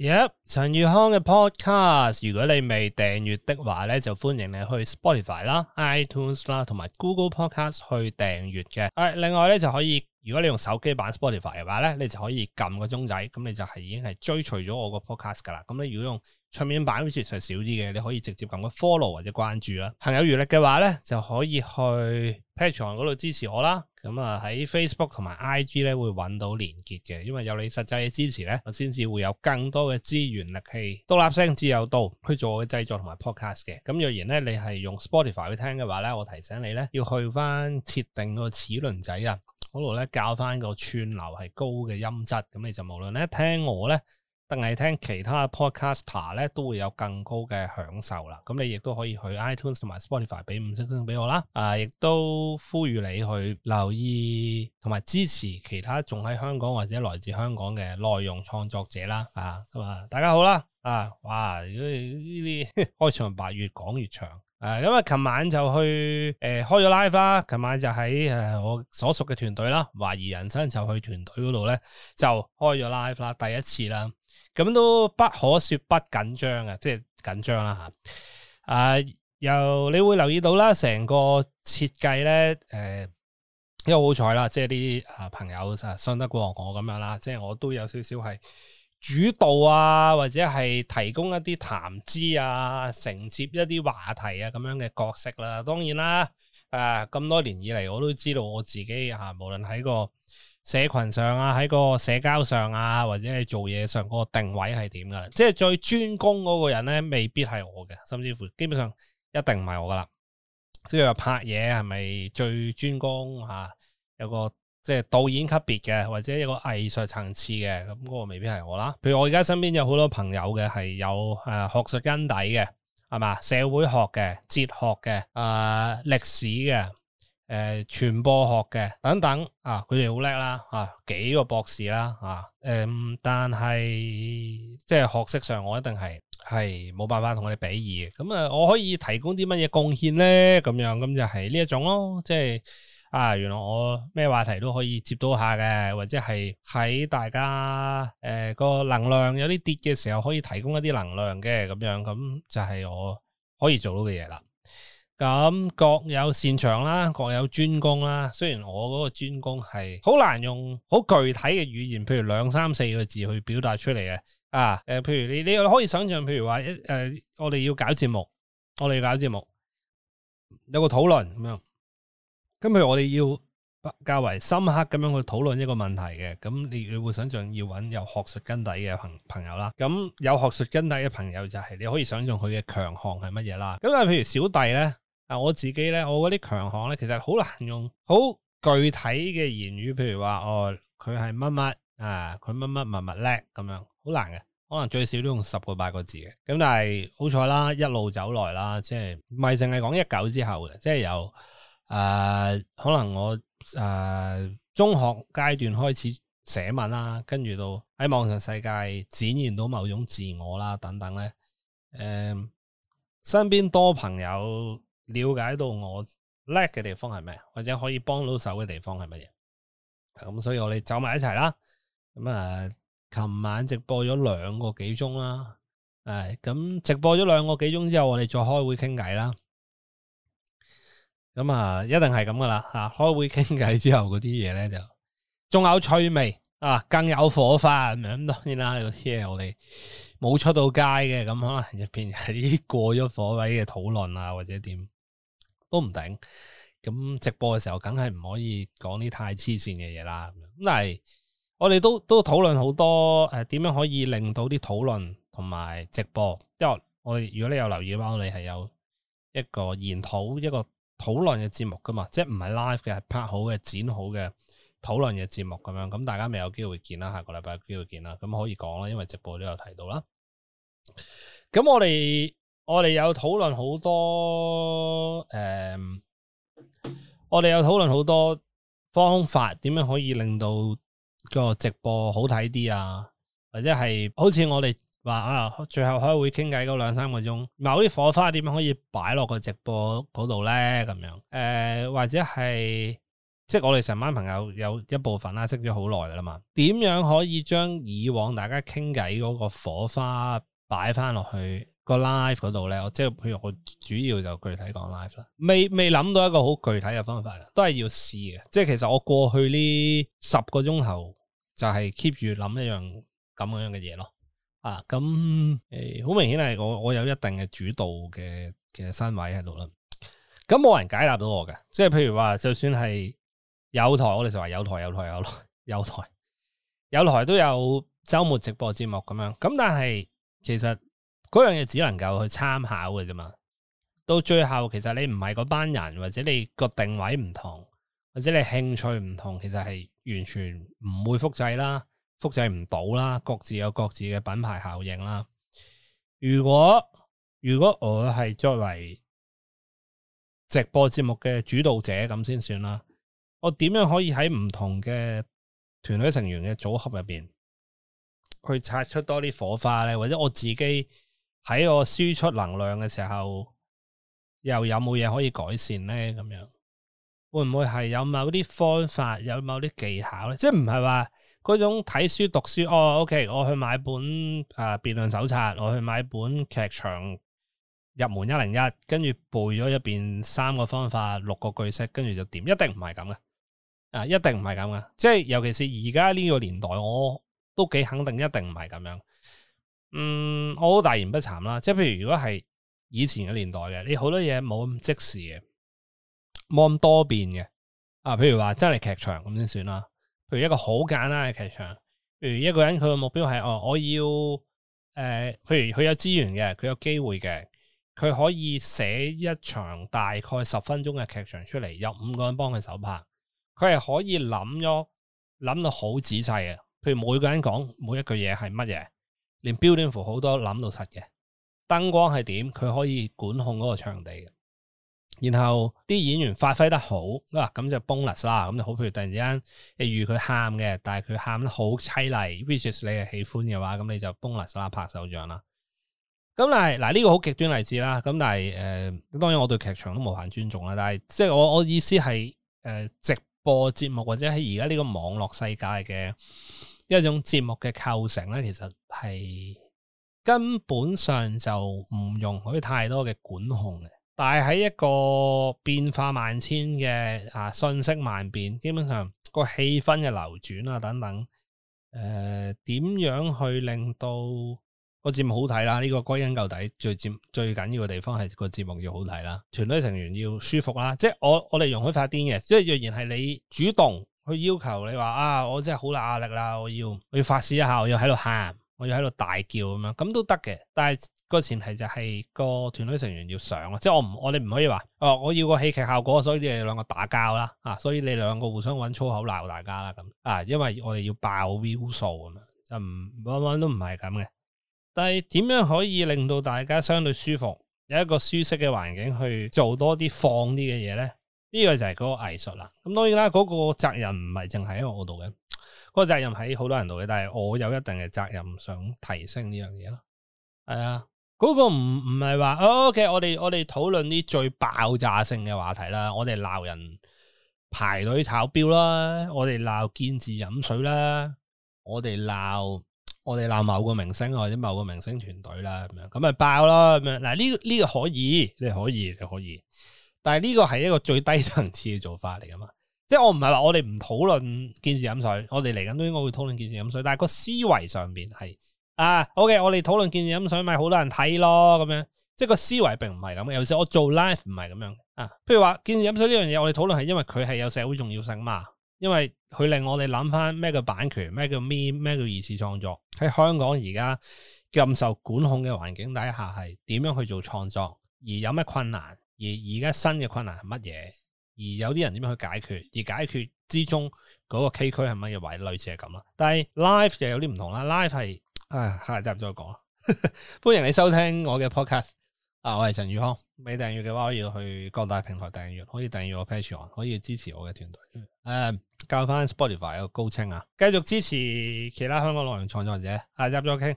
Yep，陳宇康嘅 podcast，如果你未訂閱的話咧，就歡迎你去 Spotify 啦、iTunes 啦，同埋 Google Podcast 去訂閱嘅。另外咧就可以，如果你用手機版 Spotify 嘅話咧，你就可以撳個鐘仔，咁你就係已經係追隨咗我個 podcast 噶啦。咁你如果用桌面版，好似係少啲嘅，你可以直接撳個 follow 或者關注啦。行有餘力嘅話咧，就可以去 Patreon 嗰度支持我啦。咁喺、嗯、Facebook 同埋 IG 咧會揾到連結嘅，因為有你實際嘅支持，我先至會有更多嘅資源力氣獨立聲自由度去做嘅製作同埋 podcast 嘅。咁、嗯、若然你係用 Spotify 去聽嘅話，我提醒你要去翻設定個齒輪仔啊，嗰度教校翻個串流係高嘅音質，咁你就無論咧聽我咧，定係聽其他 podcaster 咧，都會有更高嘅享受啦。咁你亦都可以去 iTunes 同埋 Spotify 俾五星星俾我啦。啊，亦都呼籲你去留意同埋支持其他仲喺香港或者來自香港嘅內容創作者啦。啊，咁啊，大家好啦。啊，哇！呢啲開場白越講越長。啊，咁啊，琴晚就去誒、呃、開咗 live 啦。琴晚就喺誒、呃、我所屬嘅團隊啦，懷疑人生就去團隊嗰度咧，就開咗 live 啦，第一次啦。咁都不可說不緊張嘅，即係緊張啦吓。啊，又你會留意到啦，成個設計咧，誒、呃，因為好彩啦，即係啲啊朋友啊信得過我咁樣啦，即係我都有少少係主導啊，或者係提供一啲談資啊，承接一啲話題啊咁樣嘅角色啦，啊。當然啦，誒、啊，咁多年以嚟，我都知道我自己吓，啊，無論喺個，社群上啊，喺個社交上啊，或者係做嘢上嗰個定位係點噶？即係最專攻嗰個人咧，未必係我嘅，甚至乎基本上一定唔係我噶啦。即係拍嘢係咪最專攻吓、啊？有個即係導演級別嘅，或者有個藝術層次嘅，咁、那、嗰個未必係我啦。譬如我而家身邊有好多朋友嘅係有誒、呃、學術根底嘅，係嘛社會學嘅、哲學嘅、誒、呃、歷史嘅。誒，傳、呃、播學嘅等等啊，佢哋好叻啦啊，幾個博士啦啊，誒、嗯，但係即係學識上，我一定係係冇辦法同佢哋比擬嘅。咁啊，我可以提供啲乜嘢貢獻咧？咁樣咁就係呢一種咯。即係啊，原來我咩話題都可以接到下嘅，或者係喺大家誒個、呃、能量有啲跌嘅時候，可以提供一啲能量嘅。咁樣咁就係我可以做到嘅嘢啦。咁各有擅長啦，各有專攻啦。雖然我嗰個專攻係好難用好具體嘅語言，譬如兩三四個字去表達出嚟嘅。啊，誒、呃，譬如你，你可以想象，譬如話誒、呃，我哋要搞節目，我哋搞節目，有個討論咁樣。咁譬如我哋要較為深刻咁樣去討論一個問題嘅，咁你你會想象要搵有學術根底嘅朋朋友啦。咁有學術根底嘅朋友就係你可以想象佢嘅強項係乜嘢啦。咁但係譬如小弟咧。啊！我自己咧，我嗰啲強項咧，其實好難用好具體嘅言語，譬如話哦，佢係乜乜啊，佢乜乜乜乜叻咁樣，好難嘅。可能最少都用十個八個字嘅。咁但係好彩啦，一路走來啦，即係唔係淨係講一九之後嘅，即係由誒可能我誒、呃、中學階段開始寫文啦，跟住到喺網上世界展現到某種自我啦等等咧。誒、呃，身邊多朋友，了解到我叻嘅地方係咩，或者可以幫到手嘅地方係乜嘢？咁所以我，我哋走埋一齊啦。咁啊，琴晚直播咗兩個幾鐘啦。誒、哎，咁直播咗兩個幾鐘之後，我哋再開會傾偈啦。咁啊，一定係咁噶啦。嚇、啊，開會傾偈之後嗰啲嘢咧，就仲有趣味啊，更有火花。咁、啊、當然啦，有啲嘢我哋冇出到街嘅，咁可能入邊有啲過咗火位嘅討論啊，或者點？都唔頂，咁直播嘅時候，梗係唔可以講啲太黐線嘅嘢啦。咁但係我哋都都討論好多，誒、呃、點樣可以令到啲討論同埋直播？因為我哋如果你有留意返我哋係有一個研討一個討論嘅節目噶嘛，即係唔係 live 嘅，係拍好嘅，剪好嘅討論嘅節目咁樣。咁大家未有機會見啦，下個禮拜有機會見啦。咁可以講啦，因為直播都有提到啦。咁我哋。我哋有討論好多誒、呃，我哋有討論好多方法，點樣可以令到個直播好睇啲啊？或者係好似我哋話啊，最後開會傾偈嗰兩三個鐘，某啲火花點樣可以擺落個直播嗰度咧？咁樣誒、呃，或者係即係我哋成班朋友有一部分啦、啊，識咗好耐啦嘛，點樣可以將以往大家傾偈嗰個火花擺翻落去？個 live 嗰度咧，即係譬如我主要就具體講 live 啦，未未諗到一個好具體嘅方法，都係要試嘅。即係其實我過去呢十個鐘頭就係 keep 住諗一樣咁樣嘅嘢咯。啊，咁誒，好、欸、明顯係我我有一定嘅主導嘅嘅身位喺度啦。咁冇人解答到我嘅，即係譬如話，就算係有台，我哋就話有台有台有台有台有台都有周末直播節目咁樣，咁但係其實。嗰樣嘢只能夠去參考嘅啫嘛，到最後其實你唔係嗰班人，或者你個定位唔同，或者你興趣唔同，其實係完全唔會複製啦，複製唔到啦，各自有各自嘅品牌效應啦。如果如果我係作為直播節目嘅主導者咁先算啦，我點樣可以喺唔同嘅團隊成員嘅組合入邊去擦出多啲火花咧？或者我自己？喺我輸出能量嘅時候，又有冇嘢可以改善咧？咁樣會唔會係有某啲方法，有某啲技巧咧？即係唔係話嗰種睇書讀書哦？OK，我去買本啊辯論手冊，我去買本劇場入門一零一，跟住背咗入邊三個方法六個句式，跟住就點？一定唔係咁嘅，啊，一定唔係咁嘅。即係尤其是而家呢個年代，我都幾肯定，一定唔係咁樣。嗯，我好大言不慚啦，即係譬如如果係以前嘅年代嘅，你好多嘢冇咁即時嘅，冇咁多變嘅啊。譬如話真係劇場咁先算啦。譬如一個好簡單嘅劇場，譬如一個人佢個目標係哦，我要誒、呃，譬如佢有資源嘅，佢有機會嘅，佢可以寫一場大概十分鐘嘅劇場出嚟，有五個人幫佢手拍，佢係可以諗咗諗到好仔細嘅，譬如每個人講每一句嘢係乜嘢。連 building 服，好多諗到實嘅，燈光係點，佢可以管控嗰個場地嘅，然後啲演員發揮得好，嗱咁就 bonus 啦，咁就好。譬如突然之間，例如佢喊嘅，但係佢喊得好凄厲，which is 你係喜歡嘅話，咁你就 bonus 啦，拍手掌啦。咁但係嗱呢個好極端例子啦，咁但係誒、呃，當然我對劇場都無限尊重啦，但係即係我我意思係誒、呃、直播節目或者喺而家呢個網絡世界嘅。一種節目嘅構成呢，其實係根本上就唔容許太多嘅管控嘅。但係喺一個變化萬千嘅啊，瞬息萬變，基本上個氣氛嘅流轉啊，等等，誒、呃，點樣去令到個節目好睇啦？呢、這個歸根究底最尖最緊要嘅地方係個節目要好睇啦，團隊成員要舒服啦。即係我我哋容許發癲嘅，即係若然係你主動。佢要求你話啊，我真係好大壓力啦！我要我要發泄一下，我要喺度喊，我要喺度大叫咁樣，咁都得嘅。但係個前提就係個團隊成員要上啦，即係我唔我哋唔可以話哦，我要個戲劇效果，所以你哋兩個打交啦啊，所以你兩個互相揾粗口鬧大家啦咁啊，因為我哋要爆 view 數咁樣，就唔往往都唔係咁嘅。但係點樣可以令到大家相對舒服，有一個舒適嘅環境去做多啲放啲嘅嘢咧？呢個就係嗰個藝術啦，咁當然啦，嗰個責任唔係淨係喺我度嘅，嗰個責任喺好多人度嘅，但係我有一定嘅責任想提升呢樣嘢咯，係啊，嗰個唔唔係話，O K，我哋我哋討論啲最爆炸性嘅話題啦，我哋鬧人排隊炒標啦，我哋鬧見字飲水啦，我哋鬧我哋鬧某個明星或者某個明星團隊啦，咁樣咁咪爆啦，咁樣嗱，呢個呢個可以，你可以你可以。但係呢個係一個最低層次嘅做法嚟噶嘛？即係我唔係話我哋唔討論建設飲水，我哋嚟緊都應該會討論建設飲水。但係個思維上邊係啊，好、okay，嘅，我哋討論建設飲水咪好多人睇咯，咁樣即係個思維並唔係咁。有時我做 life 唔係咁樣啊，譬如話建設飲水呢樣嘢，我哋討論係因為佢係有社會重要性嘛，因為佢令我哋諗翻咩叫版權，咩叫 meme，咩叫二次創作，喺香港而家咁受管控嘅環境底下係點樣去做創作，而有咩困難？而而家新嘅困難係乜嘢？而有啲人點樣去解決？而解決之中嗰個崎嶇係乜嘢位？類似係咁啦。但係 Live 就有啲唔同啦。Live 係唉，下集再講啦。 歡迎你收聽我嘅 podcast。啊，我係陳宇康。未訂閲嘅話，可以去各大平台訂閲，可以訂閲我 Patreon，可以支持我嘅團隊。誒、啊，教翻 Spotify 有個高清啊！繼續支持其他香港內容創作者。下集再傾。